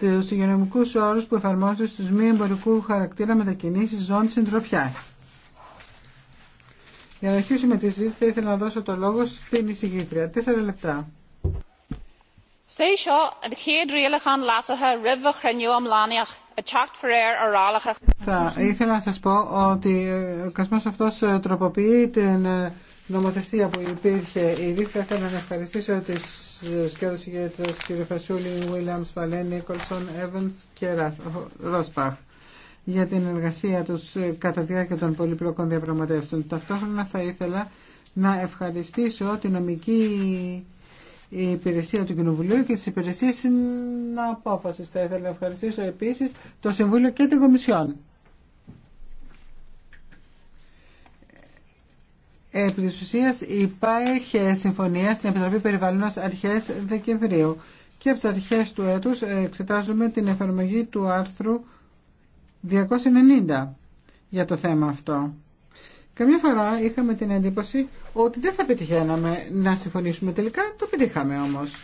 τους υγειονομικού όρου που εφαρμόζονται στου μη εμπορικού χαρακτήρα μετακινήσει ζώνης συντροφιά. Για να αρχίσουμε τη ζήτη, θα ήθελα να δώσω το λόγο στην εισηγήτρια. Τέσσερα λεπτά. Θα ήθελα να σας πω ότι ε, ο κασμός αυτός ε, τροποποιεί την ε, νομοθεσία που υπήρχε ήδη. Θα ήθελα να ευχαριστήσω τις για ηγέτρες κ. Φασούλη, Βίλιαμς, Παλέ, Νίκολσον, Εύεν και Ρόσπαχ για την εργασία τους ε, κατά τη διάρκεια των πολυπλοκών διαπραγματεύσεων. Ταυτόχρονα θα ήθελα να ευχαριστήσω την νομική υπηρεσία του Κοινοβουλίου και τις υπηρεσίες συναπόφασης. Θα ήθελα να ευχαριστήσω επίσης το Συμβούλιο και την Κομισιόν. Επί της ουσίας υπάρχει συμφωνία στην Επιτροπή Περιβαλλοντος αρχές Δεκεμβρίου και από τις αρχές του έτους ε, εξετάζουμε την εφαρμογή του άρθρου 290 για το θέμα αυτό. Καμιά φορά είχαμε την εντύπωση ότι δεν θα πετυχαίναμε να συμφωνήσουμε τελικά, το πετύχαμε όμως.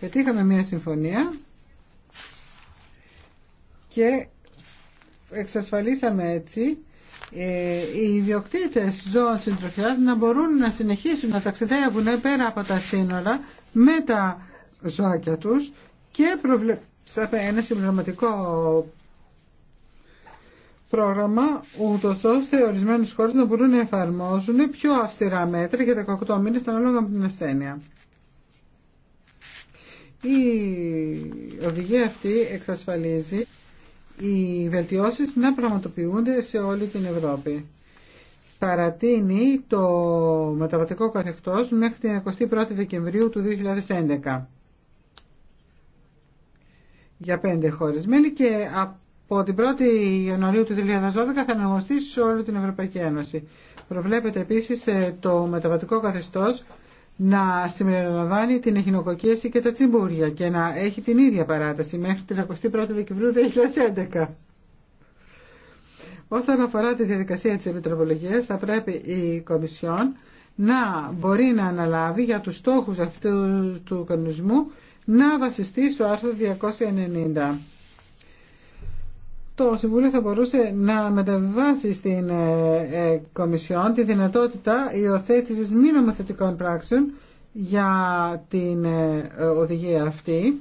Πετύχαμε μια συμφωνία και εξασφαλίσαμε έτσι ε, οι ιδιοκτήτες ζώων συντροφιάς να μπορούν να συνεχίσουν να ταξιδεύουν πέρα από τα σύνορα με τα ζωάκια τους και προβλέψαμε ένα συμπληρωματικό πρόγραμμα ούτω ώστε ορισμένου χώρε να μπορούν να εφαρμόζουν πιο αυστηρά μέτρα για 18 μήνες ανάλογα με την ασθένεια. Η οδηγία αυτή εξασφαλίζει οι βελτιώσεις να πραγματοποιούνται σε όλη την Ευρώπη. Παρατείνει το μεταβατικό καθεκτός μέχρι την 21η Δεκεμβρίου του 2011 για πέντε χώρες μέλη και από την 1η Ιανουαρίου του 2012 θα αναγνωστεί σε όλη την Ευρωπαϊκή Ένωση. Προβλέπεται επίσης ε, το μεταβατικό καθεστώς να συμπεριλαμβάνει την εχινοκοκίαση και τα τσιμπούρια και να έχει την ίδια παράταση μέχρι την 21η Δεκεμβρίου 2011. Όσον αφορά τη διαδικασία της επιτροπολογίας, θα πρέπει η Κομισιόν να μπορεί να αναλάβει για τους στόχους αυτού του κανονισμού να βασιστεί στο άρθρο 290 το Συμβούλιο θα μπορούσε να μεταβάσει στην ε, ε, Κομισιόν τη δυνατότητα υιοθέτησης μη νομοθετικών πράξεων για την ε, οδηγία αυτή.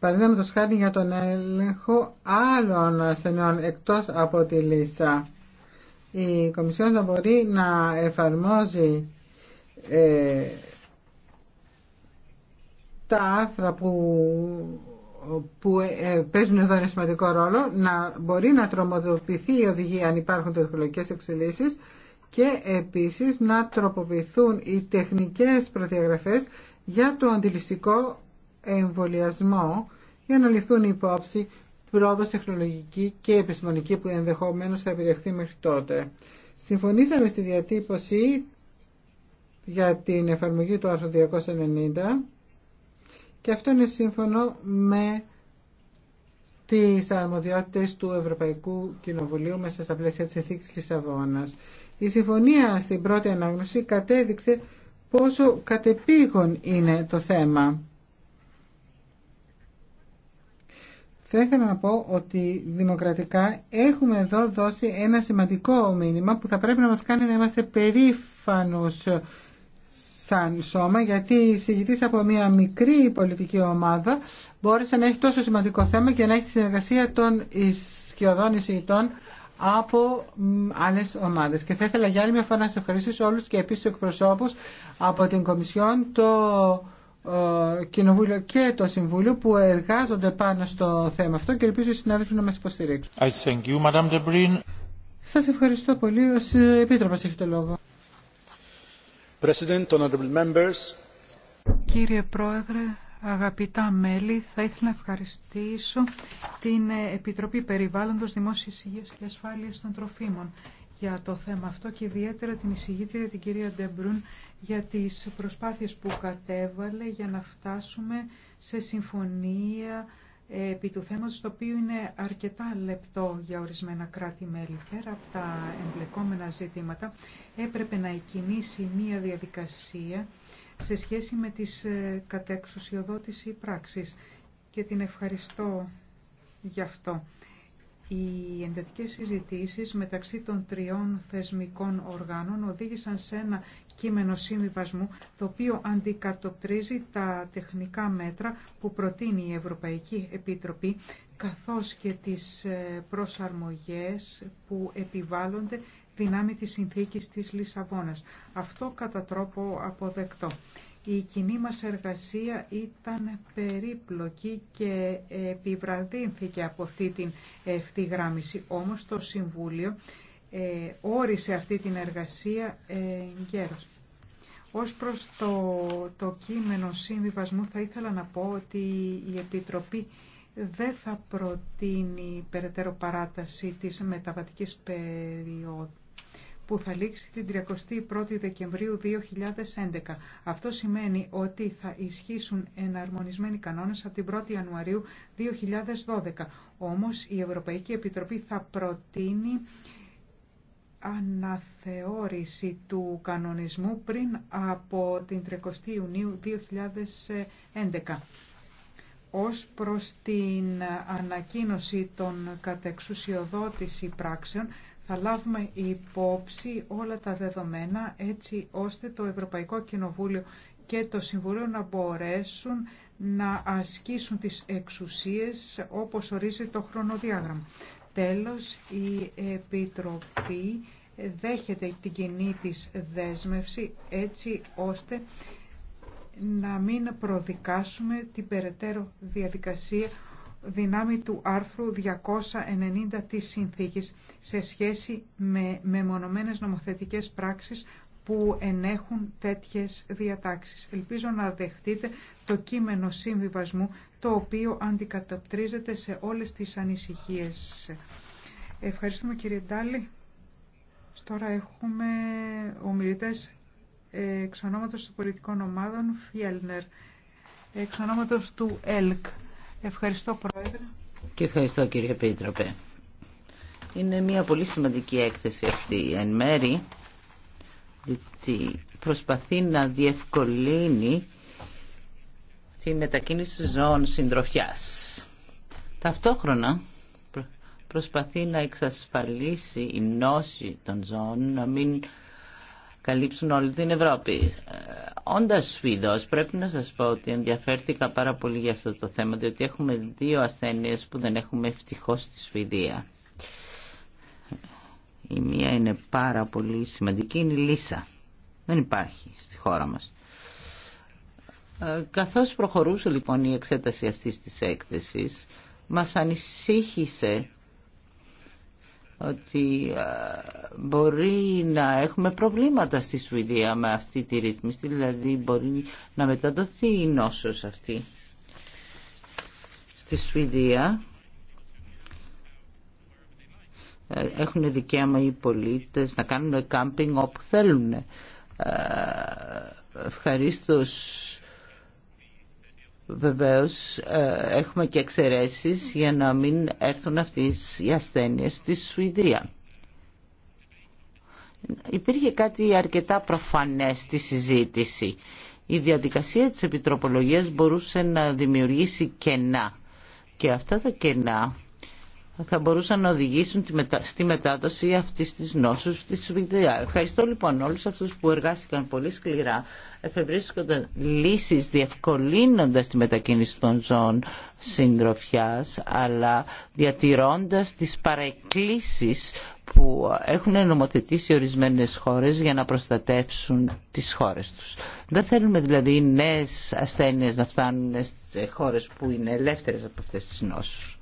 Παραδείγματο χάρη για τον έλεγχο άλλων ασθενών εκτός από τη λίστα. Η Κομισιόν θα μπορεί να εφαρμόζει τα άρθρα που που ε, ε, παίζουν εδώ ένα σημαντικό ρόλο να μπορεί να τρομοδοποιηθεί η οδηγία αν υπάρχουν τεχνολογικές εξελίσεις και επίσης να τροποποιηθούν οι τεχνικές προδιαγραφές για το αντιληστικό εμβολιασμό για να ληφθούν υπόψη πρόοδος τεχνολογική και επιστημονική που ενδεχομένως θα επιδεχθεί μέχρι τότε. Συμφωνήσαμε στη διατύπωση για την εφαρμογή του άρθρου 290 και αυτό είναι σύμφωνο με τις αρμοδιότητες του Ευρωπαϊκού Κοινοβουλίου μέσα στα πλαίσια της Εθήκης Λισαβόνας. Η συμφωνία στην πρώτη ανάγνωση κατέδειξε πόσο κατεπήγον είναι το θέμα. Θα ήθελα να πω ότι δημοκρατικά έχουμε εδώ δώσει ένα σημαντικό μήνυμα που θα πρέπει να μας κάνει να είμαστε περήφανος σαν σώμα γιατί η συγητή από μια μικρή πολιτική ομάδα μπόρεσε να έχει τόσο σημαντικό θέμα και να έχει τη συνεργασία των ισχυωδών εισηγητών από άλλε ομάδε. Και θα ήθελα για άλλη μια φορά να σα ευχαριστήσω όλου και επίση του εκπροσώπου από την Κομισιόν, το ε, Κοινοβούλιο και το Συμβούλιο που εργάζονται πάνω στο θέμα αυτό και ελπίζω οι συνάδελφοι να μα υποστηρίξουν. Σα ευχαριστώ πολύ. Ο ε, Επίτροπο έχει το λόγο. Κύριε Πρόεδρε, αγαπητά μέλη, θα ήθελα να ευχαριστήσω την Επιτροπή Περιβάλλοντος Δημόσιας Υγείας και Ασφάλειας των Τροφίμων για το θέμα αυτό και ιδιαίτερα την εισηγήτρια την κυρία Ντεμπρούν για τις προσπάθειες που κατέβαλε για να φτάσουμε σε συμφωνία ε, επί του θέματος το οποίο είναι αρκετά λεπτό για ορισμένα κράτη-μέλη. Πέρα από τα εμπλεκόμενα ζητήματα, έπρεπε να εκκινήσει μία διαδικασία σε σχέση με τις ε, κατεξουσιοδότηση πράξης και την ευχαριστώ γι' αυτό. Οι εντατικές συζητήσεις μεταξύ των τριών θεσμικών οργάνων οδήγησαν σε ένα κείμενο συμβιβασμού το οποίο αντικατοπτρίζει τα τεχνικά μέτρα που προτείνει η Ευρωπαϊκή Επιτροπή καθώς και τις ε, προσαρμογές που επιβάλλονται δυνάμει της συνθήκης της Λισαβόνας. Αυτό κατά τρόπο αποδεκτό. Η κοινή μας εργασία ήταν περίπλοκη και επιβραδύνθηκε από αυτή την ευθυγράμμιση. Όμως το Συμβούλιο ε, όρισε αυτή την εργασία γέρος. Ως προς το, το κείμενο συμβιβασμού θα ήθελα να πω ότι η Επιτροπή δεν θα προτείνει περαιτέρω παράταση της μεταβατικής περίοδου που θα λήξει την 31η Δεκεμβρίου 2011. Αυτό σημαίνει ότι θα ισχύσουν εναρμονισμένοι κανόνες από την 1η Ιανουαρίου 2012. Όμως η Ευρωπαϊκή Επιτροπή θα προτείνει αναθεώρηση του κανονισμού πριν από την 30η Ιουνίου 2011 ως προς την ανακοίνωση των κατεξουσιοδότηση πράξεων θα λάβουμε υπόψη όλα τα δεδομένα έτσι ώστε το Ευρωπαϊκό Κοινοβούλιο και το Συμβουλίο να μπορέσουν να ασκήσουν τις εξουσίες όπως ορίζει το χρονοδιάγραμμα. Τέλος, η Επιτροπή δέχεται την κοινή της δέσμευση έτσι ώστε να μην προδικάσουμε την περαιτέρω διαδικασία δυνάμει του άρθρου 290 της Συνθήκης σε σχέση με μεμονωμένες νομοθετικές πράξεις που ενέχουν τέτοιες διατάξεις. Ελπίζω να δεχτείτε το κείμενο συμβιβασμού το οποίο αντικατοπτρίζεται σε όλες τις ανησυχίες. Ευχαριστούμε κύριε Ντάλη. Τώρα έχουμε ομιλητές εξ ονόματος των πολιτικών ομάδων Φιέλνερ, εξ ονόματος του ΕΛΚ. Ευχαριστώ Πρόεδρε. Και ευχαριστώ κύριε Πίτροπε. Είναι μια πολύ σημαντική έκθεση αυτή εν μέρη διότι προσπαθεί να διευκολύνει τη μετακίνηση ζώων συντροφιάς. Ταυτόχρονα προσπαθεί να εξασφαλίσει η νόση των ζώων να μην καλύψουν όλη την Ευρώπη. Όντας Σουηδός πρέπει να σας πω ότι ενδιαφέρθηκα πάρα πολύ για αυτό το θέμα διότι έχουμε δύο ασθένειες που δεν έχουμε ευτυχώ στη Σουηδία. Η μία είναι πάρα πολύ σημαντική, είναι η λύσα. Δεν υπάρχει στη χώρα μας. Ε, καθώς προχωρούσε λοιπόν η εξέταση αυτής της έκθεσης, μας ανησύχησε ότι ε, μπορεί να έχουμε προβλήματα στη Σουηδία με αυτή τη ρύθμιση, δηλαδή μπορεί να μεταδοθεί η νόσος αυτή. Στη Σουηδία ε, έχουν δικαίωμα οι πολίτες να κάνουν κάμπινγκ όπου θέλουν. Ε, ευχαρίστως Βεβαίως ε, έχουμε και εξαιρέσεις για να μην έρθουν αυτές οι ασθένειες στη Σουηδία. Υπήρχε κάτι αρκετά προφανές στη συζήτηση. Η διαδικασία της επιτροπολογίας μπορούσε να δημιουργήσει κενά. Και αυτά τα κενά θα μπορούσαν να οδηγήσουν στη μετάδοση αυτή τη νόσου τη ΒΙΔΙΑ. Ευχαριστώ λοιπόν όλου αυτού που εργάστηκαν πολύ σκληρά εφευρίσκοντα λύσει, διευκολύνοντα τη μετακίνηση των ζώων συντροφιά, αλλά διατηρώντα τι παρεκκλήσει που έχουν νομοθετήσει ορισμένε χώρε για να προστατεύσουν τι χώρε του. Δεν θέλουμε δηλαδή νέε ασθένειε να φτάνουν σε χώρε που είναι ελεύθερε από αυτέ τι νόσους.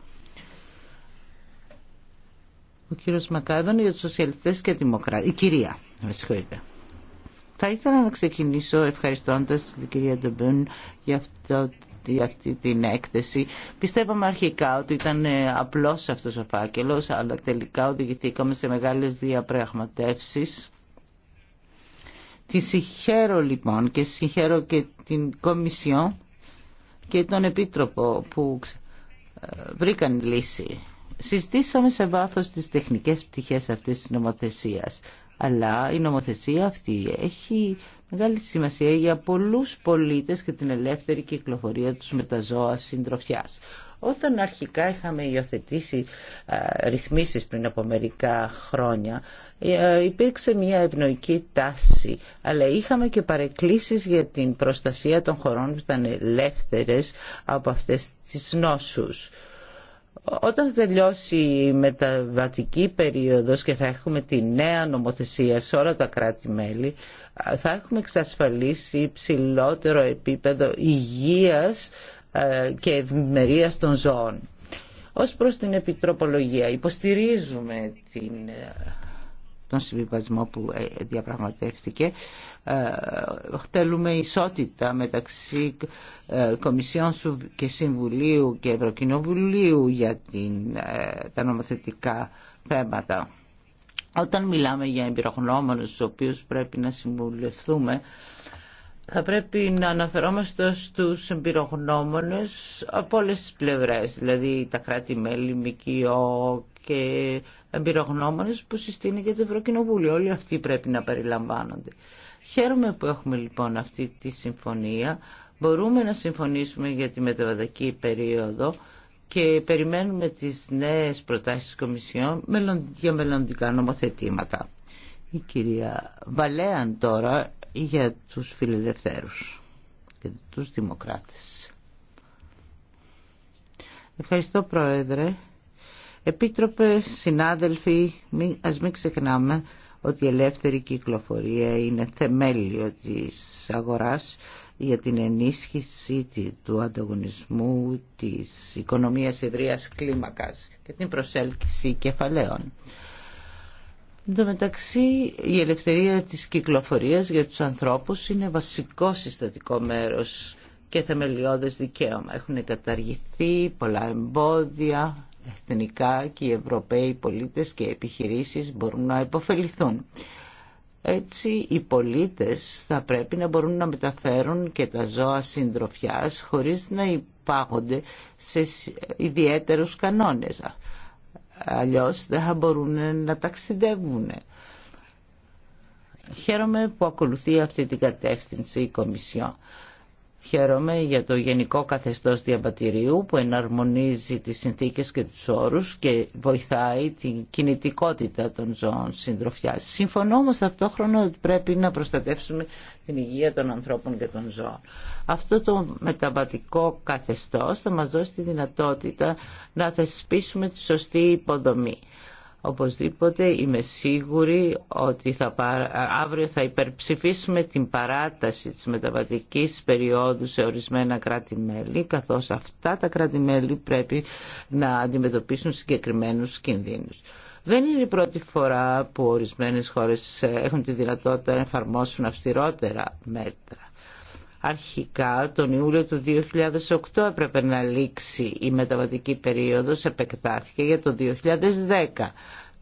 Ο κύριος Μακάβαν για τους σοσιαλιστές και Δημοκρατία. Η κυρία, με συγχωρείτε. Θα ήθελα να ξεκινήσω ευχαριστώντας την κυρία Ντεμπούν για αυτό για αυτή την έκθεση. Πιστεύαμε αρχικά ότι ήταν ε, απλός αυτός ο φάκελος, αλλά τελικά οδηγηθήκαμε σε μεγάλες διαπραγματεύσεις. Τη συγχαίρω λοιπόν και συγχαίρω και την Κομισιόν και τον Επίτροπο που ε, βρήκαν λύση συζητήσαμε σε βάθος τις τεχνικές πτυχές αυτής της νομοθεσίας. Αλλά η νομοθεσία αυτή έχει μεγάλη σημασία για πολλούς πολίτες και την ελεύθερη κυκλοφορία τους με τα ζώα συντροφιάς. Όταν αρχικά είχαμε υιοθετήσει α, ρυθμίσεις πριν από μερικά χρόνια, ε, ε, υπήρξε μια ευνοϊκή τάση, αλλά είχαμε και παρεκκλήσεις για την προστασία των χωρών που ήταν ελεύθερες από αυτές τις νόσους. Όταν τελειώσει η μεταβατική περίοδος και θα έχουμε τη νέα νομοθεσία σε όλα τα κράτη-μέλη, θα έχουμε εξασφαλίσει υψηλότερο επίπεδο υγείας ε, και ευημερίας των ζώων. Ως προς την επιτροπολογία, υποστηρίζουμε την, ε, τον συμβιβασμό που ε, διαπραγματεύτηκε. Ε, θέλουμε ισότητα μεταξύ ε, Κομισιών και Συμβουλίου και Ευρωκοινοβουλίου για την, ε, τα νομοθετικά θέματα. Όταν μιλάμε για εμπειρογνώμονες στους οποίους πρέπει να συμβουλευτούμε, θα πρέπει να αναφερόμαστε στους εμπειρογνώμονες από όλες τις πλευρές, δηλαδή τα κράτη-μέλη, ΜΚΟ και εμπειρογνώμονες που συστήνει και το Ευρωκοινοβούλιο. Όλοι αυτοί πρέπει να περιλαμβάνονται. Χαίρομαι που έχουμε λοιπόν αυτή τη συμφωνία. Μπορούμε να συμφωνήσουμε για τη μεταβατική περίοδο και περιμένουμε τις νέες προτάσεις της Κομισιόν για μελλοντικά νομοθετήματα. Η κυρία Βαλέαν τώρα για τους φιλελευθέρους και τους δημοκράτες. Ευχαριστώ Πρόεδρε. Επίτροπε, συνάδελφοι, ας μην ξεχνάμε ότι η ελεύθερη κυκλοφορία είναι θεμέλιο της αγοράς για την ενίσχυση του ανταγωνισμού της οικονομίας ευρείας κλίμακας και την προσέλκυση κεφαλαίων. Εν τω μεταξύ η ελευθερία της κυκλοφορίας για τους ανθρώπους είναι βασικό συστατικό μέρος και θεμελιώδες δικαίωμα. Έχουν καταργηθεί πολλά εμπόδια εθνικά και οι Ευρωπαίοι πολίτες και επιχειρήσεις μπορούν να υποφεληθούν. Έτσι οι πολίτες θα πρέπει να μπορούν να μεταφέρουν και τα ζώα συντροφιάς χωρίς να υπάγονται σε ιδιαίτερους κανόνες. Αλλιώς δεν θα μπορούν να ταξιδεύουν. Χαίρομαι που ακολουθεί αυτή την κατεύθυνση η Κομισιόν. Χαίρομαι για το γενικό καθεστώς διαβατηρίου που εναρμονίζει τις συνθήκες και τους όρους και βοηθάει την κινητικότητα των ζώων συντροφιάς. Συμφωνώ όμως ταυτόχρονα ότι πρέπει να προστατεύσουμε την υγεία των ανθρώπων και των ζώων. Αυτό το μεταβατικό καθεστώς θα μας δώσει τη δυνατότητα να θεσπίσουμε τη σωστή υποδομή. Οπωσδήποτε είμαι σίγουρη ότι θα, αύριο θα υπερψηφίσουμε την παράταση της μεταβατικής περίοδου σε ορισμένα κράτη-μέλη, καθώς αυτά τα κράτη-μέλη πρέπει να αντιμετωπίσουν συγκεκριμένους κινδύνους. Δεν είναι η πρώτη φορά που ορισμένες χώρες έχουν τη δυνατότητα να εφαρμόσουν αυστηρότερα μέτρα. Αρχικά τον Ιούλιο του 2008 έπρεπε να λήξει η μεταβατική περίοδος, επεκτάθηκε για το 2010.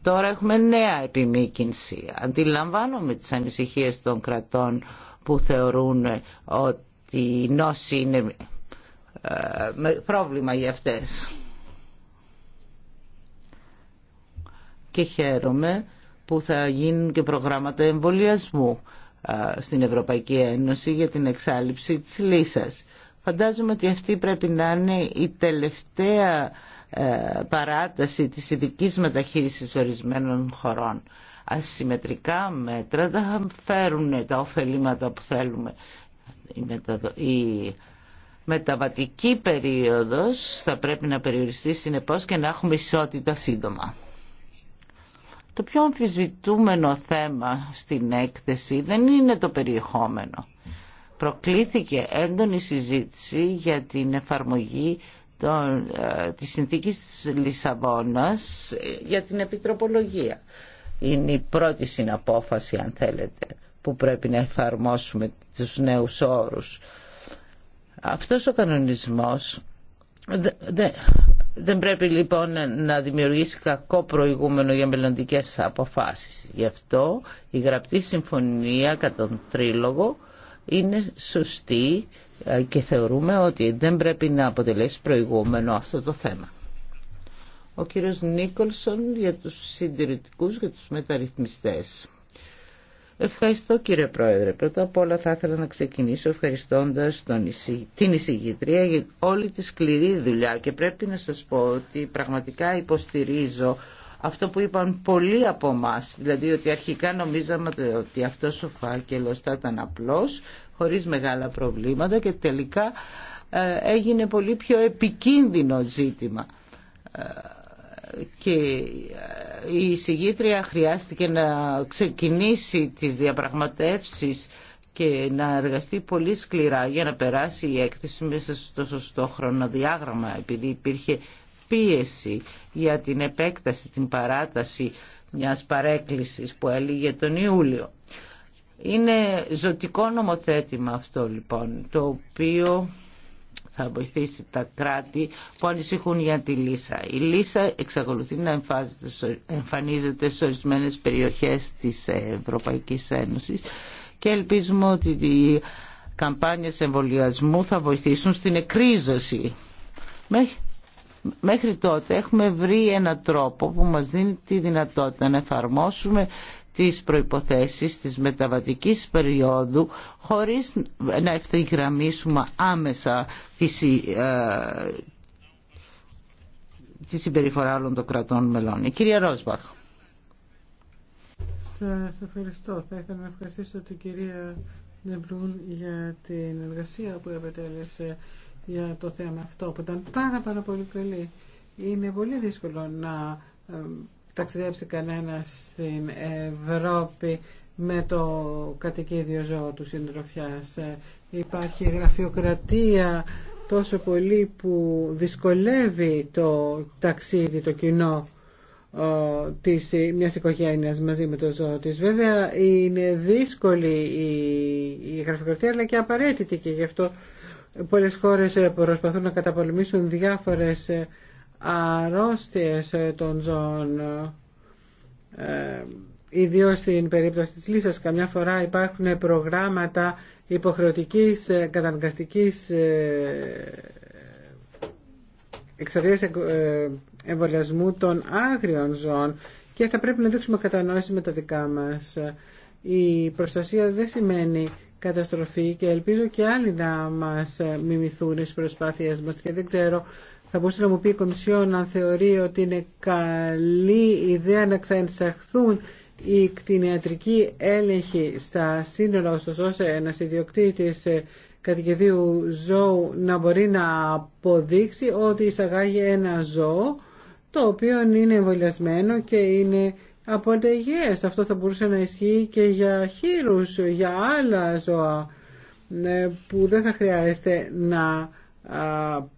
Τώρα έχουμε νέα επιμήκυνση. Αντιλαμβάνομαι τις ανησυχίες των κρατών που θεωρούν ότι η νόση είναι ε, πρόβλημα για αυτές. Και χαίρομαι που θα γίνουν και προγράμματα εμβολιασμού στην Ευρωπαϊκή Ένωση για την εξάλληψη της λύσας. Φαντάζομαι ότι αυτή πρέπει να είναι η τελευταία ε, παράταση της ειδική μεταχείρισης ορισμένων χωρών. Ασυμμετρικά μέτρα θα φέρουν τα ωφελήματα που θέλουμε. Η, η μεταβατική περίοδος θα πρέπει να περιοριστεί συνεπώς και να έχουμε ισότητα σύντομα. Το πιο αμφισβητούμενο θέμα στην έκθεση δεν είναι το περιεχόμενο. Προκλήθηκε έντονη συζήτηση για την εφαρμογή των, ε, της συνθήκης της Λισαβόνας ε, για την επιτροπολογία. Είναι η πρώτη συναπόφαση, αν θέλετε, που πρέπει να εφαρμόσουμε τους νέους όρους. Αυτός ο κανονισμός δεν πρέπει λοιπόν να δημιουργήσει κακό προηγούμενο για μελλοντικέ αποφάσεις. Γι' αυτό η γραπτή συμφωνία κατά τον τρίλογο είναι σωστή ε, και θεωρούμε ότι δεν πρέπει να αποτελέσει προηγούμενο αυτό το θέμα. Ο κύριος Νίκολσον για τους συντηρητικούς και τους μεταρρυθμιστές. Ευχαριστώ κύριε Πρόεδρε. Πρώτα απ' όλα θα ήθελα να ξεκινήσω ευχαριστώντας τον την εισηγητρία για όλη τη σκληρή δουλειά και πρέπει να σας πω ότι πραγματικά υποστηρίζω αυτό που είπαν πολλοί από εμά, δηλαδή ότι αρχικά νομίζαμε ότι αυτό ο φάκελο θα ήταν απλός, χωρίς μεγάλα προβλήματα και τελικά ε, έγινε πολύ πιο επικίνδυνο ζήτημα ε, η συγγήτρια χρειάστηκε να ξεκινήσει τις διαπραγματεύσεις και να εργαστεί πολύ σκληρά για να περάσει η έκθεση μέσα στο σωστό χρονοδιάγραμμα επειδή υπήρχε πίεση για την επέκταση, την παράταση μιας παρέκκλησης που έλεγε τον Ιούλιο. Είναι ζωτικό νομοθέτημα αυτό λοιπόν, το οποίο θα βοηθήσει τα κράτη που ανησυχούν για τη λύσα. Η λύσα εξακολουθεί να εμφανίζεται σε ορισμένε περιοχές της Ευρωπαϊκής Ένωσης και ελπίζουμε ότι οι καμπάνιες εμβολιασμού θα βοηθήσουν στην εκρίζωση. Μέχρι τότε έχουμε βρει ένα τρόπο που μας δίνει τη δυνατότητα να εφαρμόσουμε τις προϋποθέσεις της μεταβατικής περίοδου χωρίς να ευθυγραμμίσουμε άμεσα ε, τη συμπεριφορά όλων των κρατών μελών. Η κυρία Ρόσμπαχ. Σας ευχαριστώ. Θα ήθελα να ευχαριστήσω την κυρία Νεμπλούν για την εργασία που επετέλεσε για το θέμα αυτό που ήταν πάρα πάρα πολύ καλή. Είναι πολύ δύσκολο να ε, ταξιδέψει κανένα στην Ευρώπη με το κατοικίδιο ζώο του συντροφιάς. Ε, υπάρχει γραφειοκρατία τόσο πολύ που δυσκολεύει το ταξίδι, το κοινό ε, της, ε, μιας οικογένειας μαζί με το ζώο της. Βέβαια είναι δύσκολη η, γραφειοκρατία αλλά και απαραίτητη και γι' αυτό πολλές χώρες προσπαθούν να καταπολεμήσουν διάφορες αρρώστιες ε, των ζώων ε, ιδίως στην περίπτωση της λύσας καμιά φορά υπάρχουν προγράμματα υποχρεωτικής ε, καταναγκαστικής ε, εξαρτίας εμβολιασμού των άγριων ζώων και θα πρέπει να δείξουμε κατανόηση με τα δικά μας. Η προστασία δεν σημαίνει καταστροφή και ελπίζω και άλλοι να μας μιμηθούν στις προσπάθειές μας και δεν ξέρω θα μπορούσε να μου πει η Κομισιόν να θεωρεί ότι είναι καλή ιδέα να ξανεισαχθούν οι κτηνιατρικοί έλεγχοι στα σύνορα, ώστε ένα ιδιοκτήτη ε, κατοικιδίου ζώου να μπορεί να αποδείξει ότι εισαγάγει ένα ζώο το οποίο είναι εμβολιασμένο και είναι απόλυτα υγιές. Αυτό θα μπορούσε να ισχύει και για χείρους, για άλλα ζώα ε, που δεν θα χρειάζεται να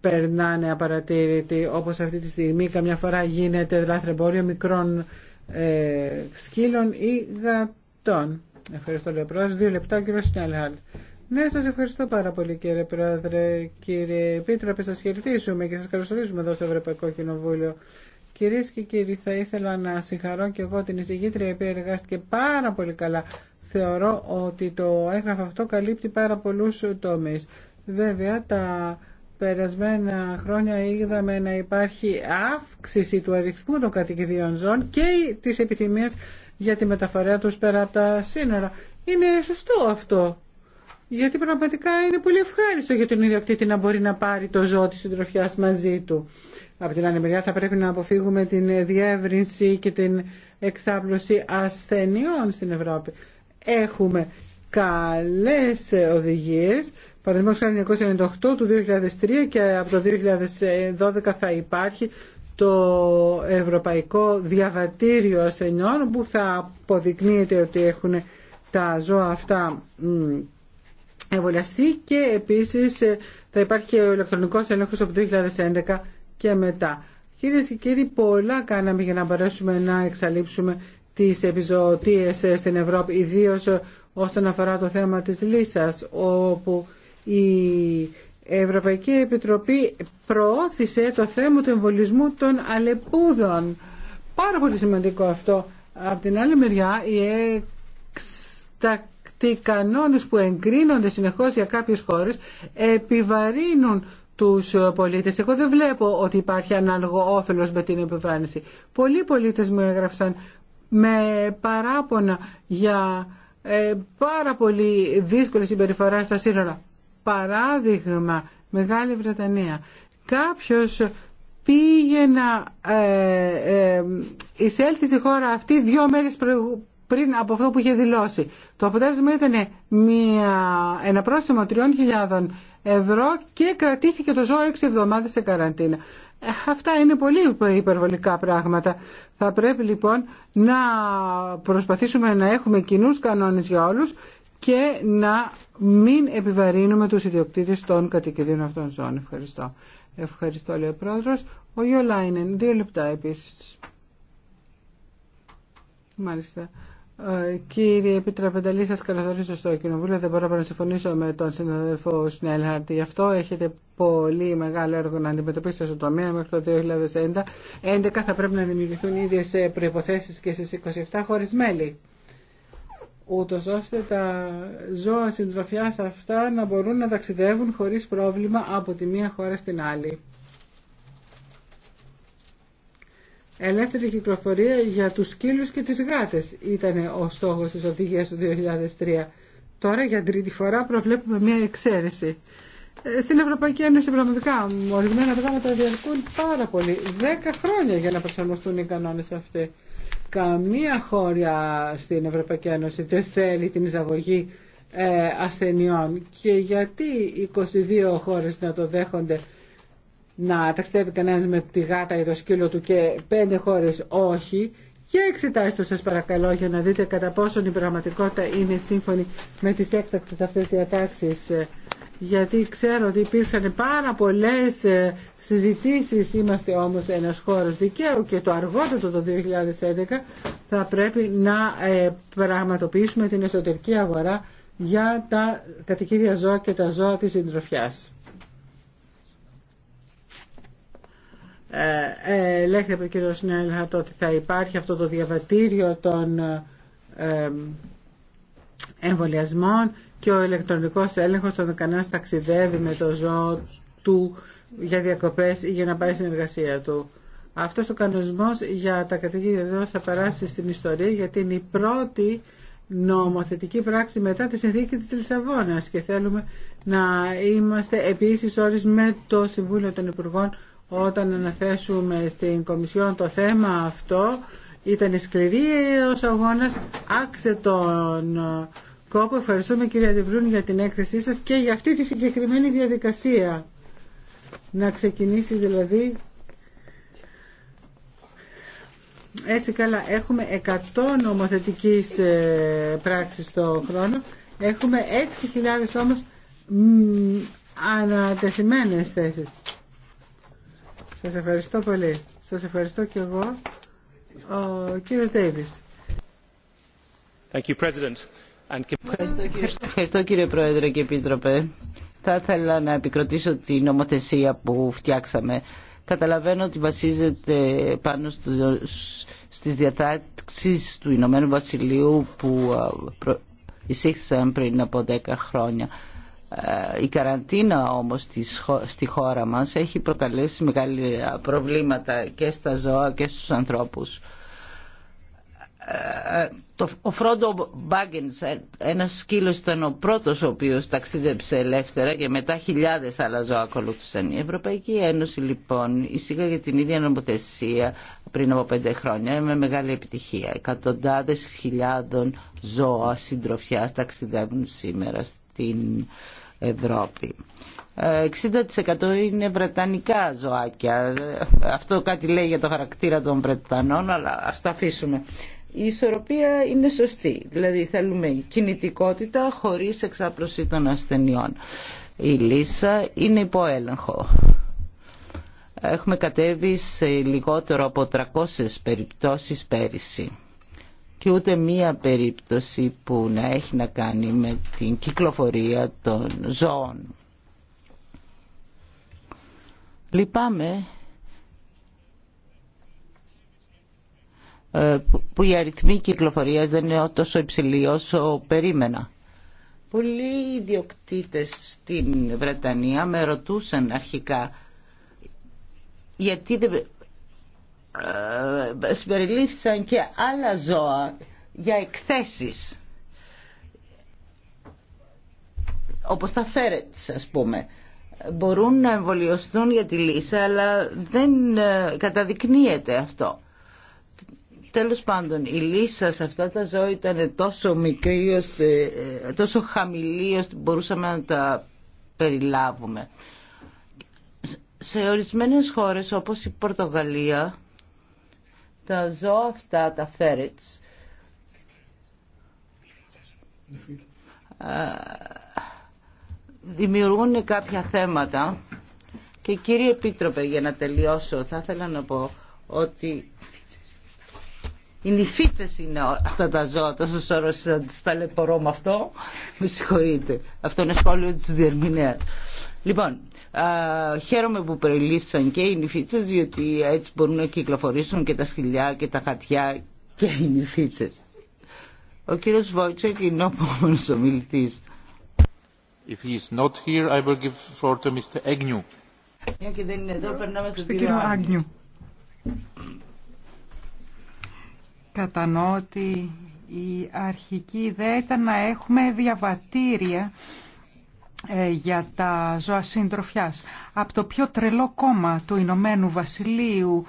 περνάνε απαρατήρητοι όπως αυτή τη στιγμή καμιά φορά γίνεται λάθρεμπόριο μικρών ε, σκύλων ή γατών. Ευχαριστώ Λεπρός. Δύο λεπτά κύριο Σνέλχαλτ. Ναι, σας ευχαριστώ πάρα πολύ κύριε Πρόεδρε, κύριε Επίτροπε, σας χαιρετίζουμε και σας καλωσορίζουμε εδώ στο Ευρωπαϊκό Κοινοβούλιο. Κυρίε και κύριοι, θα ήθελα να συγχαρώ και εγώ την εισηγήτρια, η οποία εργάστηκε πάρα πολύ καλά. Θεωρώ ότι το έγγραφο αυτό καλύπτει πάρα πολλούς τομείς. Βέβαια, τα περασμένα χρόνια είδαμε να υπάρχει αύξηση του αριθμού των κατοικιδιών ζώων και της επιθυμίας για τη μεταφορά τους πέρα από τα σύνορα. Είναι σωστό αυτό. Γιατί πραγματικά είναι πολύ ευχάριστο για τον ιδιοκτήτη να μπορεί να πάρει το ζώο της συντροφιάς μαζί του. Από την άλλη μεριά θα πρέπει να αποφύγουμε την διεύρυνση και την εξάπλωση ασθενειών στην Ευρώπη. Έχουμε καλές οδηγίες παραδείγματο χάρη 1998 του 2003 και από το 2012 θα υπάρχει το Ευρωπαϊκό Διαβατήριο Ασθενειών που θα αποδεικνύεται ότι έχουν τα ζώα αυτά εμβολιαστεί και επίσης ε, θα υπάρχει και ο ηλεκτρονικός έλεγχος από το 2011 και μετά. Κυρίε και κύριοι, πολλά κάναμε για να μπορέσουμε να εξαλείψουμε τις επιζωοτίες ε, στην Ευρώπη, ιδίως ε, όσον αφορά το θέμα της λύσας, όπου η Ευρωπαϊκή Επιτροπή προώθησε το θέμα του εμβολισμού των αλεπούδων. Πάρα πολύ σημαντικό αυτό. Απ' την άλλη μεριά, οι εξτακτοί κανόνες που εγκρίνονται συνεχώς για κάποιες χώρες επιβαρύνουν τους πολίτες. Εγώ δεν βλέπω ότι υπάρχει ανάλογο όφελος με την επιβάρυνση. Πολλοί πολίτες μου έγραψαν με παράπονα για ε, πάρα πολύ δύσκολη συμπεριφορά στα σύνορα παράδειγμα Μεγάλη Βρετανία. Κάποιος πήγε να ε, ε, εισέλθει στη χώρα αυτή δύο μέρες πριν από αυτό που είχε δηλώσει. Το αποτέλεσμα ήταν μια, ένα πρόστιμο 3.000 ευρώ και κρατήθηκε το ζώο έξι εβδομάδες σε καραντίνα. Ε, αυτά είναι πολύ υπερβολικά πράγματα. Θα πρέπει λοιπόν να προσπαθήσουμε να έχουμε κοινού κανόνες για όλους και να μην επιβαρύνουμε τους ιδιοκτήτες των κατοικιδίων αυτών ζώων. Ευχαριστώ. Ευχαριστώ, λέει ο πρόεδρος. Ο Γιολάινεν, δύο λεπτά επίσης. Μάλιστα. Ε, κύριε Επιτραπενταλή, σα καλωσορίζω στο Κοινοβούλιο. Δεν μπορώ να συμφωνήσω με τον συναδελφό Σνέλχαρτ. Γι' αυτό έχετε πολύ μεγάλο έργο να αντιμετωπίσετε στο τομέα μέχρι το 2011. 11 θα πρέπει να δημιουργηθούν ίδιες προποθέσει και στι 27 χωρί μέλη ούτως ώστε τα ζώα συντροφιάς αυτά να μπορούν να ταξιδεύουν χωρίς πρόβλημα από τη μία χώρα στην άλλη. Ελεύθερη κυκλοφορία για τους σκύλους και τις γάτες ήταν ο στόχος της οδηγίας του 2003. Τώρα για τρίτη φορά προβλέπουμε μία εξαίρεση. Ε, στην Ευρωπαϊκή Ένωση πραγματικά ορισμένα πράγματα διαρκούν πάρα πολύ. Δέκα χρόνια για να προσαρμοστούν οι κανόνες αυτοί. Καμία χώρα στην Ευρωπαϊκή Ένωση δεν θέλει την εισαγωγή ε, ασθενειών και γιατί 22 χώρες να το δέχονται να ταξιδεύει κανένας με τη γάτα ή το σκύλο του και 5 χώρες όχι Και εξετάστε το σας παρακαλώ για να δείτε κατά πόσον η πραγματικότητα είναι σύμφωνη με τις έκτακτες αυτές διατάξεις γιατί ξέρω ότι υπήρξαν πάρα πολλές ε, συζητήσεις, είμαστε όμως ένας χώρος δικαίου και το αργότερο το 2011 θα πρέπει να ε, πραγματοποιήσουμε την εσωτερική αγορά για τα κατοικίδια ζώα και τα ζώα της συντροφιάς. Ε, ε ο από κύριο Σνέλχατ ότι θα υπάρχει αυτό το διαβατήριο των εμβολιασμών και ο ηλεκτρονικός έλεγχος όταν κανένας ταξιδεύει με το ζώο του για διακοπές ή για να πάει στην εργασία του. Αυτός ο κανονισμός για τα κατοικίδια εδώ θα περάσει στην ιστορία γιατί είναι η πρώτη νομοθετική πράξη μετά τη συνθήκη της Λισαβόνας και θέλουμε να είμαστε επίσης όρις με το Συμβούλιο των Υπουργών όταν αναθέσουμε στην Κομισιόν το θέμα αυτό ήταν σκληρή ο αγώνας άξε κόπο. Ευχαριστούμε κύριε Αντιβρούν για την έκθεσή σας και για αυτή τη συγκεκριμένη διαδικασία. Να ξεκινήσει δηλαδή έτσι καλά έχουμε 100 νομοθετικής ε, πράξεις το χρόνο έχουμε 6.000 όμως μ, ανατεθειμένες θέσεις σας ευχαριστώ πολύ σας ευχαριστώ και εγώ ο κύριος Ντέιβις Thank you, President. Ευχαριστώ κύριε Πρόεδρε και Επίτροπε. Θα ήθελα να επικροτήσω την νομοθεσία που φτιάξαμε. Καταλαβαίνω ότι βασίζεται πάνω στις διατάξεις του Ηνωμένου Βασιλείου που εισήχθησαν πριν από 10 χρόνια. Η καραντίνα όμως στη χώρα μας έχει προκαλέσει μεγάλα προβλήματα και στα ζώα και στους ανθρώπους ο Φρόντο Μπάγκενς, ένας σκύλος ήταν ο πρώτος ο οποίος ταξίδεψε ελεύθερα και μετά χιλιάδες άλλα ζώα ακολούθησαν. Η Ευρωπαϊκή Ένωση λοιπόν εισήγαγε την ίδια νομοθεσία πριν από πέντε χρόνια με μεγάλη επιτυχία. Εκατοντάδες χιλιάδων ζώα συντροφιάς ταξιδεύουν σήμερα στην Ευρώπη. 60% ε, είναι βρετανικά ζωάκια. Ε, αυτό κάτι λέει για το χαρακτήρα των Βρετανών, αλλά ας το αφήσουμε η ισορροπία είναι σωστή. Δηλαδή θέλουμε κινητικότητα χωρίς εξάπλωση των ασθενειών. Η λύσα είναι υπό έλεγχο. Έχουμε κατέβει σε λιγότερο από 300 περιπτώσεις πέρυσι και ούτε μία περίπτωση που να έχει να κάνει με την κυκλοφορία των ζώων. Λυπάμαι Ε, που η αριθμή κυκλοφορίας δεν είναι τόσο υψηλή όσο περίμενα. Πολλοί ιδιοκτήτε στην Βρετανία με ρωτούσαν αρχικά γιατί δεν ε, συμπεριλήφθησαν και άλλα ζώα για εκθέσεις όπως τα φέρετς ας πούμε μπορούν να εμβολιωστούν για τη λύση, αλλά δεν ε, καταδεικνύεται αυτό Τέλος πάντων, η λύση σε αυτά τα ζώα ήταν τόσο μικρή, ε, τόσο χαμηλή, ώστε μπορούσαμε να τα περιλάβουμε. Σε ορισμένες χώρες, όπως η Πορτογαλία, τα ζώα αυτά, τα φέρετς, δημιουργούν κάποια θέματα και κύριε Επίτροπε για να τελειώσω θα ήθελα να πω ότι είναι οι φίτσε είναι αυτά τα ζώα, τόσο σωρό θα του ταλαιπωρώ με αυτό. Με συγχωρείτε. Αυτό είναι σχόλιο τη Διερμηνέα. Λοιπόν, α, χαίρομαι που περιλήφθησαν και οι νηφίτσες, διότι έτσι μπορούν να κυκλοφορήσουν και τα σκυλιά και τα χατιά και οι νηφίτσες. Ο κύριος Βόιτσεκ είναι ο επόμενο ομιλητή. If he is not here, I will give floor to Mr. Agnew. δεν είναι εδώ, περνάμε στον κύριο Άγνιου. Κατανοώ ότι η αρχική ιδέα ήταν να έχουμε διαβατήρια ε, για τα ζώα συντροφιάς. Από το πιο τρελό κόμμα του Ηνωμένου Βασιλείου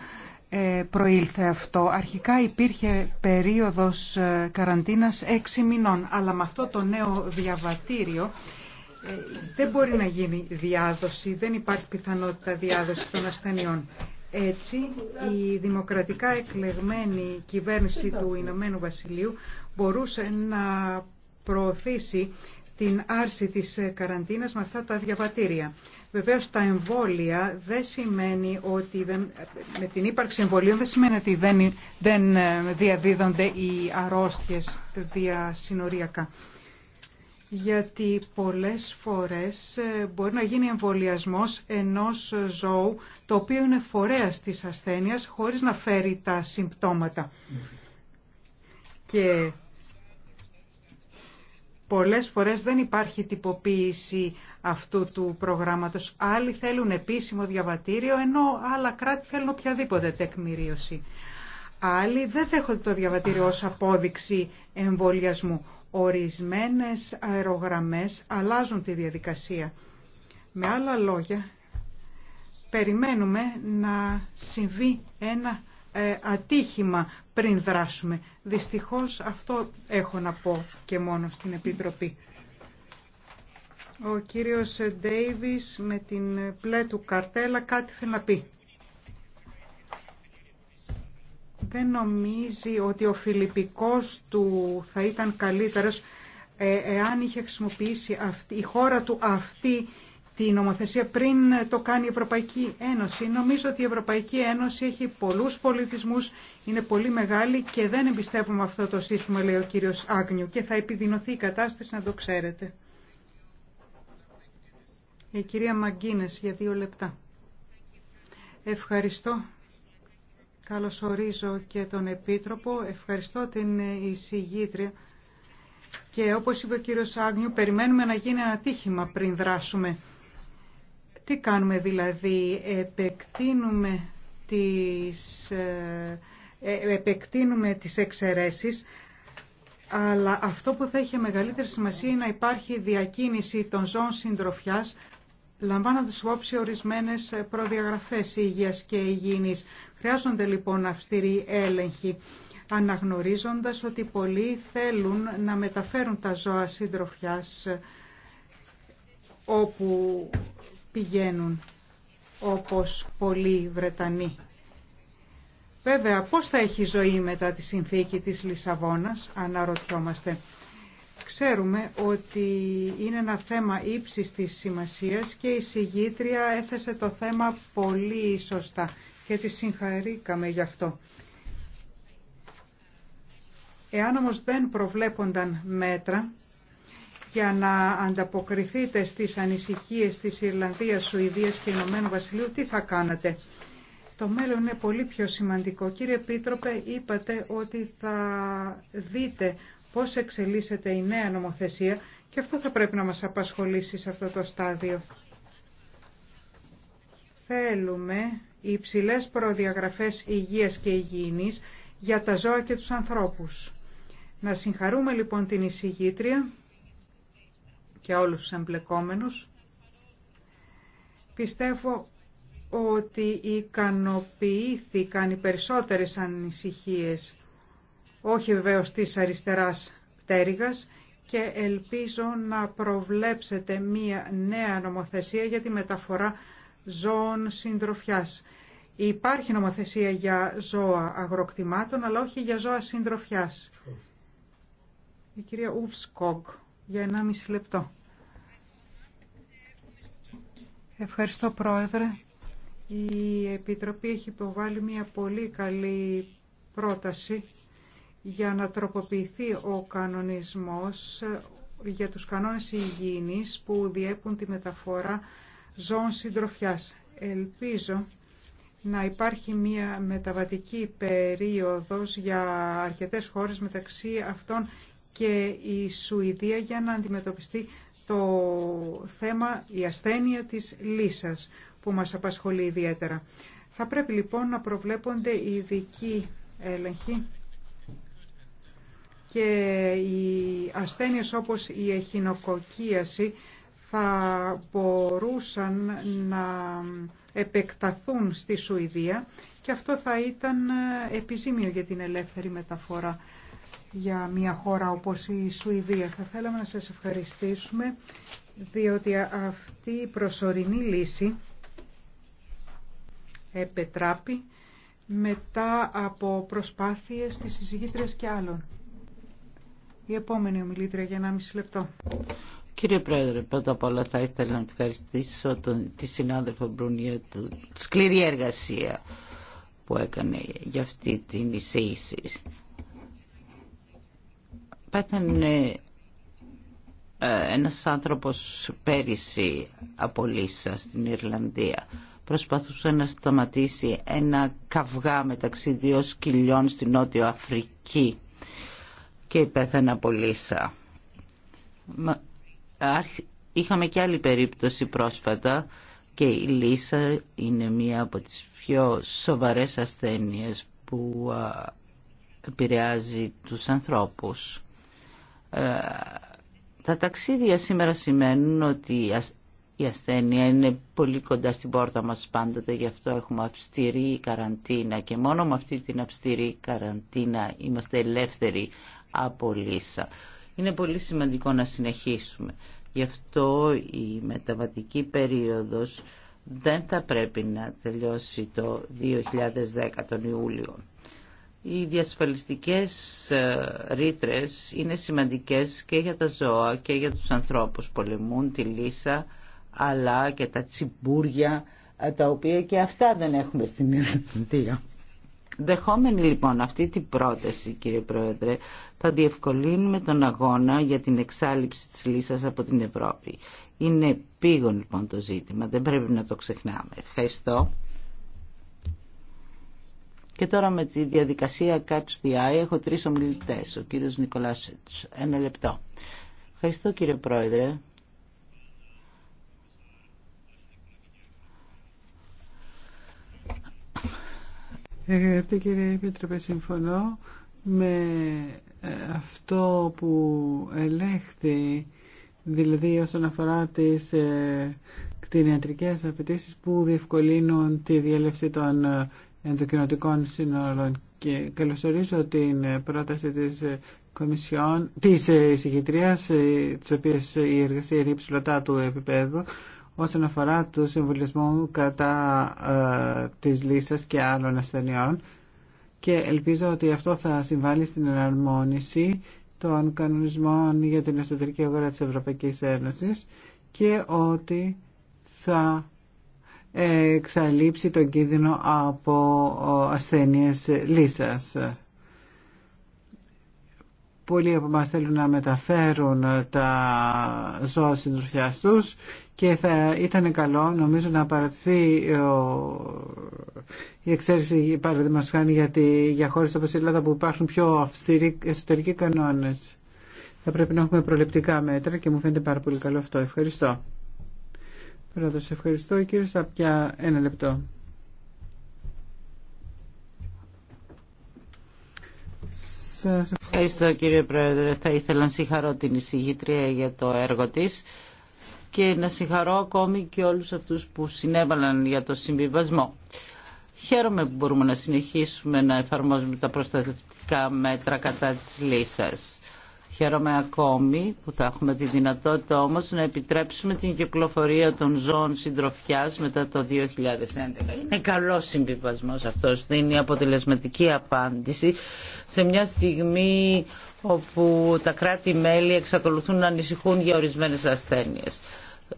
ε, προήλθε αυτό. Αρχικά υπήρχε περίοδος ε, καραντίνας έξι μηνών, αλλά με αυτό το νέο διαβατήριο δεν μπορεί να γίνει διάδοση, δεν υπάρχει πιθανότητα διάδοση των ασθενειών. Έτσι, η δημοκρατικά εκλεγμένη κυβέρνηση του Ηνωμένου Βασιλείου μπορούσε να προωθήσει την άρση της καραντίνας με αυτά τα διαβατήρια. Βεβαίως τα εμβόλια δεν σημαίνει ότι με την ύπαρξη εμβολίων δεν σημαίνει ότι δεν, δεν ε, διαδίδονται οι αρρώστιες διασυνοριακά γιατί πολλές φορές ε, μπορεί να γίνει εμβολιασμός ενός ζώου το οποίο είναι φορέας της ασθένειας χωρίς να φέρει τα συμπτώματα. Και πολλές φορές δεν υπάρχει τυποποίηση αυτού του προγράμματος. Άλλοι θέλουν επίσημο διαβατήριο, ενώ άλλα κράτη θέλουν οποιαδήποτε τεκμηρίωση. Άλλοι δεν δέχονται το διαβατήριο ως απόδειξη εμβολιασμού. Ορισμένες αερογραμμές αλλάζουν τη διαδικασία. Με άλλα λόγια, περιμένουμε να συμβεί ένα ε, ατύχημα πριν δράσουμε. Δυστυχώς αυτό έχω να πω και μόνο στην Επιτροπή. Ο κύριος Ντέιβις με την πλέ καρτέλα κάτι θέλει να πει. δεν νομίζει ότι ο φιλιππικός του θα ήταν καλύτερος ε, εάν είχε χρησιμοποιήσει αυτή, η χώρα του αυτή τη νομοθεσία πριν το κάνει η Ευρωπαϊκή Ένωση. Νομίζω ότι η Ευρωπαϊκή Ένωση έχει πολλούς πολιτισμούς, είναι πολύ μεγάλη και δεν εμπιστεύουμε αυτό το σύστημα, λέει ο κύριος Άγνιου, και θα επιδεινωθεί η κατάσταση να το ξέρετε. Η ε, κυρία Μαγκίνες για δύο λεπτά. Ευχαριστώ Καλωσορίζω και τον Επίτροπο. Ευχαριστώ την εισηγήτρια. Και όπως είπε ο κύριος Άγνιου, περιμένουμε να γίνει ένα τύχημα πριν δράσουμε. Τι κάνουμε δηλαδή, επεκτείνουμε τις, ε, ε, επεκτείνουμε τις εξαιρέσεις, αλλά αυτό που θα έχει μεγαλύτερη σημασία είναι να υπάρχει διακίνηση των ζώων συντροφιάς λαμβάνοντας υπόψη ορισμένες ε, προδιαγραφές υγείας και υγιεινή. Χρειάζονται λοιπόν αυστηροί έλεγχοι, αναγνωρίζοντας ότι πολλοί θέλουν να μεταφέρουν τα ζώα σύντροφιά ε, όπου πηγαίνουν, όπως πολλοί Βρετανοί. Βέβαια, πώς θα έχει ζωή μετά τη συνθήκη της Λισαβόνας, αναρωτιόμαστε. Ξέρουμε ότι είναι ένα θέμα ύψης της σημασίας και η συγγήτρια έθεσε το θέμα πολύ σωστά και τη συγχαρήκαμε γι' αυτό. Εάν όμως δεν προβλέπονταν μέτρα για να ανταποκριθείτε στις ανησυχίες της Ιρλανδίας, Σουηδίας και Ηνωμένου Βασιλείου, τι θα κάνατε. Το μέλλον είναι πολύ πιο σημαντικό. Κύριε Επίτροπε, είπατε ότι θα δείτε πώς εξελίσσεται η νέα νομοθεσία και αυτό θα πρέπει να μας απασχολήσει σε αυτό το στάδιο. Θέλουμε οι υψηλές προδιαγραφές υγείας και υγιεινής για τα ζώα και τους ανθρώπους. Να συγχαρούμε λοιπόν την εισηγήτρια και όλους τους εμπλεκόμενους. Πιστεύω ότι ικανοποιήθηκαν οι περισσότερες ανησυχίες όχι βεβαίω τη αριστεράς πτέρυγα και ελπίζω να προβλέψετε μία νέα νομοθεσία για τη μεταφορά ζώων συντροφιάς. Υπάρχει νομοθεσία για ζώα αγροκτημάτων, αλλά όχι για ζώα συντροφιάς. Η κυρία Ούφσκοκ για 1,5 λεπτό. Ευχαριστώ, Πρόεδρε. Η Επιτροπή έχει υποβάλει μια πολύ καλή πρόταση για να τροποποιηθεί ο κανονισμός ε, για τους κανόνες υγιεινής που διέπουν τη μεταφορά ζώων συντροφιάς. Ελπίζω να υπάρχει μια μεταβατική περίοδος για αρκετές χώρες μεταξύ αυτών και η Σουηδία για να αντιμετωπιστεί το θέμα, η ασθένεια της λύσας που μας απασχολεί ιδιαίτερα. Θα πρέπει λοιπόν να προβλέπονται ειδικοί έλεγχοι και οι ασθένειες όπως η εχινοκοκίαση θα μπορούσαν να επεκταθούν στη Σουηδία και αυτό θα ήταν επιζήμιο για την ελεύθερη μεταφορά για μια χώρα όπως η Σουηδία. Θα θέλαμε να σας ευχαριστήσουμε διότι αυτή η προσωρινή λύση επετράπη μετά από προσπάθειες της συζήτητρες και άλλων. Η επόμενη ομιλήτρια για 1,5 λεπτό. Κύριε Πρόεδρε, πρώτα απ' όλα θα ήθελα να ευχαριστήσω τον, τη συνάδελφο Μπρουνιέ του σκληρή εργασία που έκανε για αυτή την εισήγηση. Πέθανε ε, ένας άνθρωπος πέρυσι από Λίσσα στην Ιρλανδία. Προσπαθούσε να σταματήσει ένα καυγά μεταξύ δύο σκυλιών στην Νότιο Αφρική και πέθανα από λύσα. Είχαμε και άλλη περίπτωση πρόσφατα και η λύσα είναι μία από τις πιο σοβαρές ασθένειες που επηρεάζει τους ανθρώπους. Ε, τα ταξίδια σήμερα σημαίνουν ότι η ασθένεια είναι πολύ κοντά στην πόρτα μας πάντοτε, γι' αυτό έχουμε αυστηρή καραντίνα και μόνο με αυτή την αυστηρή καραντίνα είμαστε ελεύθεροι είναι πολύ σημαντικό να συνεχίσουμε. Γι' αυτό η μεταβατική περίοδος δεν θα πρέπει να τελειώσει το 2010 τον Ιούλιο. Οι διασφαλιστικές ε, ρήτρε είναι σημαντικές και για τα ζώα και για τους ανθρώπους. Πολεμούν τη λύσα αλλά και τα τσιμπούρια ε, τα οποία και αυτά δεν έχουμε στην Ιρλανδία. Δεχόμενη λοιπόν αυτή την πρόταση κύριε Πρόεδρε θα διευκολύνουμε τον αγώνα για την εξάλληψη της λύσας από την Ευρώπη. Είναι πήγον λοιπόν το ζήτημα, δεν πρέπει να το ξεχνάμε. Ευχαριστώ. Και τώρα με τη διαδικασία Catch the Eye έχω τρεις ομιλητές. Ο κύριος Νικολάσετς. Ένα λεπτό. Ευχαριστώ κύριε Πρόεδρε. Αγαπητέ κύριε Επίτροπε, συμφωνώ με ε, αυτό που ελέγχθη, δηλαδή όσον αφορά τις ε, κτηνιατρικές απαιτήσει που διευκολύνουν τη διέλευση των ε, ενδοκινοτικών σύνορων και καλωσορίζω την πρόταση της Κομισιόν, της εισηγητρίας, της οποίας η εργασία είναι υψηλωτά του επίπεδου, όσον αφορά του συμβουλισμού κατά ε, της λύσας και άλλων ασθενειών και ελπίζω ότι αυτό θα συμβάλλει στην εναρμόνιση των κανονισμών για την εσωτερική αγορά της Ευρωπαϊκής Ένωσης και ότι θα εξαλείψει τον κίνδυνο από ε, ασθένειες λύσας. Πολλοί από μας θέλουν να μεταφέρουν τα ζώα συντροφιάς τους και θα ήταν καλό νομίζω να παρατηθεί η εξαίρεση παραδείγματος χάνει για, για χώρες όπως η Ελλάδα που υπάρχουν πιο αυστηροί εσωτερικοί κανόνες. Θα πρέπει να έχουμε προληπτικά μέτρα και μου φαίνεται πάρα πολύ καλό αυτό. Ευχαριστώ. Πρόεδρος, ευχαριστώ. Κύριε Σαπιά, ένα λεπτό. Ευχαριστώ κύριε Πρόεδρε. Θα ήθελα να συγχαρώ την εισηγήτρια για το έργο της και να συγχαρώ ακόμη και όλους αυτούς που συνέβαλαν για το συμβιβασμό. Χαίρομαι που μπορούμε να συνεχίσουμε να εφαρμόζουμε τα προστατευτικά μέτρα κατά της λύσας. Χαίρομαι ακόμη που θα έχουμε τη δυνατότητα όμως να επιτρέψουμε την κυκλοφορία των ζώων συντροφιάς μετά το 2011. Είναι καλό συμπιβασμός αυτός, δίνει αποτελεσματική απάντηση σε μια στιγμή όπου τα κράτη-μέλη εξακολουθούν να ανησυχούν για ορισμένες ασθένειες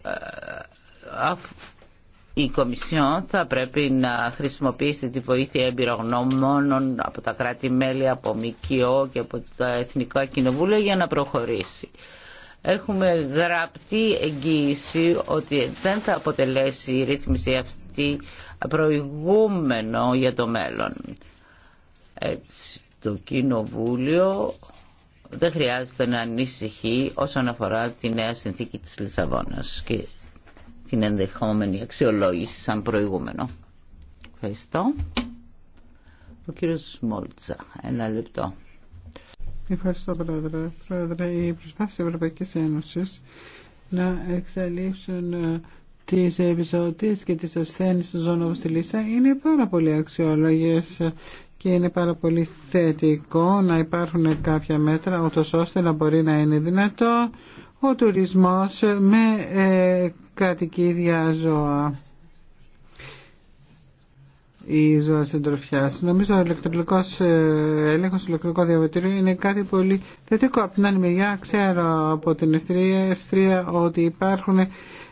ε, η Κομισιόν θα πρέπει να χρησιμοποιήσει τη βοήθεια εμπειρογνώμων από τα κράτη-μέλη, από ΜΚΟ και από τα Εθνικά Κοινοβούλια για να προχωρήσει. Έχουμε γραπτή εγγύηση ότι δεν θα αποτελέσει η ρύθμιση αυτή προηγούμενο για το μέλλον. Έτσι, το Κοινοβούλιο δεν χρειάζεται να ανησυχεί όσον αφορά τη νέα συνθήκη της Λισαβόνας την ενδεχόμενη αξιολόγηση σαν προηγούμενο. Ευχαριστώ. Ο κύριος Μόλτσα, ένα λεπτό. Ευχαριστώ, Πρόεδρε. Πρόεδρε, η προσπάθεια της Ευρωπαϊκής Ένωσης να εξαλείψουν ε, τις επιζωοτήσει και τις ασθένειες του ζώνου στη Λίσσα είναι πάρα πολύ αξιόλογες και είναι πάρα πολύ θετικό να υπάρχουν κάποια μέτρα ούτως ώστε να μπορεί να είναι δυνατό ο τουρισμός με ε, Κάτι ζώα η ζώα συντροφιά. Νομίζω ο ηλεκτρονικό ε, έλεγχο, το ηλεκτρονικό διαβατήριο είναι κάτι πολύ θετικό. Από την άλλη μεριά, ξέρω από την Ευστρία ότι υπάρχουν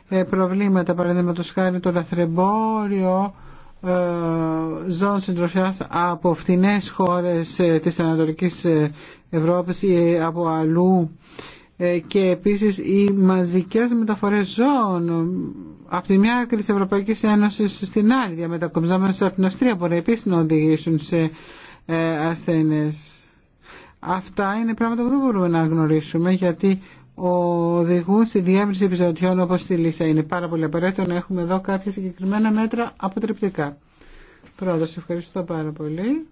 ε, προβλήματα, παραδείγματο χάρη το λαθρεμπόριο ε, ζώων συντροφιά από φθηνέ χώρε της Ανατολική Ευρώπη ή από αλλού ε, και επίσης οι μαζικές μεταφορές ζώων ε, από τη μια άκρη της Ευρωπαϊκής Ένωσης στην άλλη διαμετακομιζόμενες από την Αυστρία μπορεί επίσης να οδηγήσουν σε ε, ασθένες. Αυτά είναι πράγματα που δεν μπορούμε να γνωρίσουμε γιατί οδηγούν στη διεύρυνση επιζωτιών όπως στη Λίσσα. Είναι πάρα πολύ απαραίτητο να έχουμε εδώ κάποια συγκεκριμένα μέτρα αποτρεπτικά. σε ευχαριστώ πάρα πολύ.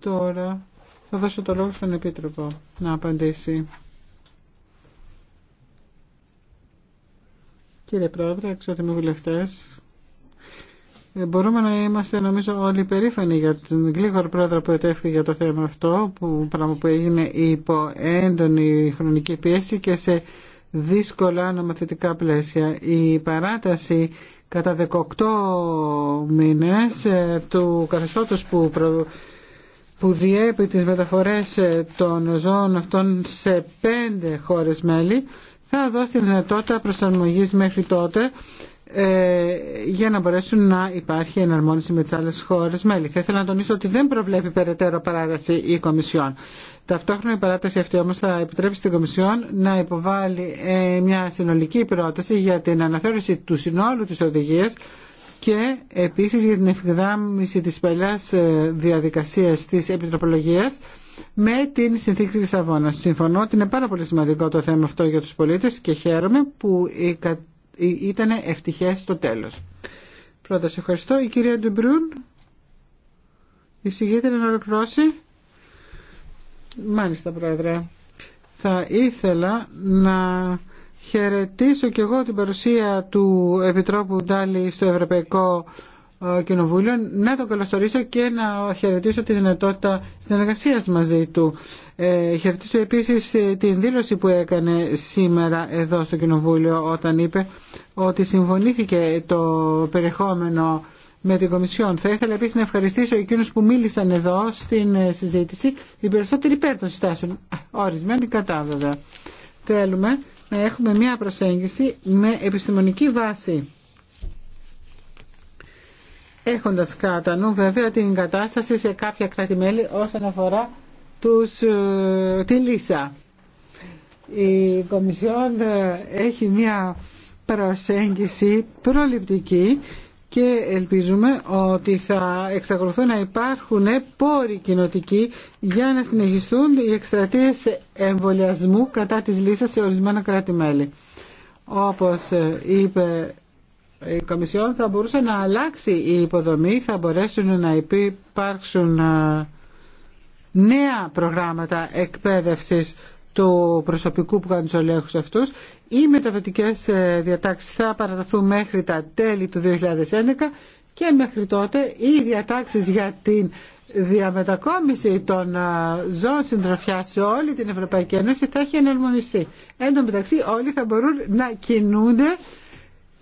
Τώρα θα δώσω το λόγο στον Επίτροπο να απαντήσει. Κύριε Πρόεδρε, εξότιμοι βουλευτέ, ε, μπορούμε να είμαστε νομίζω όλοι περήφανοι για την γλίγορο πρόεδρο που ετεύχθη για το θέμα αυτό, που, πράγμα που έγινε υπό έντονη χρονική πίεση και σε δύσκολα νομοθετικά πλαίσια. Η παράταση κατά 18 μήνες ε, του καθεστώτος που, που διέπει τις μεταφορές των ζώων αυτών σε πέντε χώρες μέλη θα δώσει τη δυνατότητα προσαρμογής μέχρι τότε ε, για να μπορέσουν να υπάρχει εναρμόνιση με τις άλλες χώρες μέλη. Θα ήθελα να τονίσω ότι δεν προβλέπει περαιτέρω παράταση η Κομισιόν. Ταυτόχρονα η παράταση αυτή όμως θα επιτρέψει στην Κομισιόν να υποβάλει ε, μια συνολική πρόταση για την αναθεώρηση του συνόλου της οδηγίας και επίσης για την ευθυγράμμιση της παλιάς ε, διαδικασίας της επιτροπολογίας με την συνθήκη της Αβώνας. Συμφωνώ ότι είναι πάρα πολύ σημαντικό το θέμα αυτό για τους πολίτες και χαίρομαι που ήταν ευτυχές στο τέλος. Πρώτα σε ευχαριστώ. Η κυρία Ντουμπρούν, η συγγήτρια να ολοκληρώσει. Μάλιστα, Πρόεδρε. Θα ήθελα να χαιρετήσω και εγώ την παρουσία του Επιτρόπου Ντάλι στο Ευρωπαϊκό ε, Κοινοβούλιο, να τον καλωσορίσω και να χαιρετήσω τη δυνατότητα συνεργασίας μαζί του. Ε, χαιρετήσω επίσης ε, την δήλωση που έκανε σήμερα εδώ στο Κοινοβούλιο όταν είπε ότι συμφωνήθηκε το περιεχόμενο με την Κομισιόν. Θα ήθελα επίσης να ευχαριστήσω εκείνους που μίλησαν εδώ στην ε, συζήτηση, οι περισσότεροι υπέρ των συστάσεων, ορισμένοι κατά βέβαια. Θέλουμε να έχουμε μια προσέγγιση με επιστημονική βάση. Έχοντας κατά νου βέβαια την κατάσταση σε κάποια κράτη-μέλη όσον αφορά τους, ε, τη λύσα. Η Κομισιόν ε, έχει μια προσέγγιση προληπτική και ελπίζουμε ότι θα εξακολουθούν να υπάρχουν πόροι κοινοτικοί για να συνεχιστούν οι εκστρατείες εμβολιασμού κατά της λύσης σε ορισμένα κράτη-μέλη. Όπως είπε η Κομισιόν θα μπορούσε να αλλάξει η υποδομή, θα μπορέσουν να υπάρξουν ε, νέα προγράμματα εκπαίδευσης του προσωπικού που κάνουν τους αυτούς οι μεταβατικές ε, διατάξεις θα παραταθούν μέχρι τα τέλη του 2011 και μέχρι τότε οι διατάξεις για την διαμετακόμιση των ε, ζώων συντροφιά σε όλη την Ευρωπαϊκή Ένωση θα έχει εναρμονιστεί. Εν τω μεταξύ όλοι θα μπορούν να κινούνται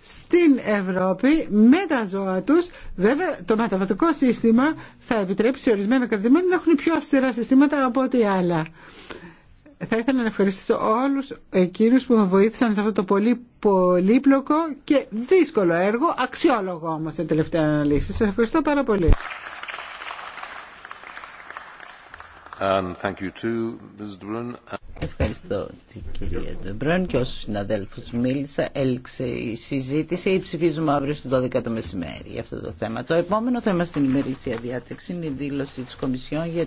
στην Ευρώπη με τα ζώα τους. Βέβαια το μεταβατικό σύστημα θα επιτρέψει ορισμένα κρατημένα να έχουν πιο αυστηρά συστήματα από ό,τι άλλα θα ήθελα να ευχαριστήσω όλους εκείνους που με βοήθησαν σε αυτό το πολύ πολύπλοκο και δύσκολο έργο, αξιόλογο όμως σε τελευταία αναλύση. Σας ευχαριστώ πάρα πολύ. Thank you too, Ms. Ευχαριστώ την κυρία Ντεμπρόν και όσους συναδέλφους μίλησα. Έληξε η συζήτηση ή ψηφίζουμε αύριο στις 12 το μεσημέρι για αυτό το θέμα. Το επόμενο θέμα στην ημερήσια διάταξη είναι η δήλωση της Κομισιόν για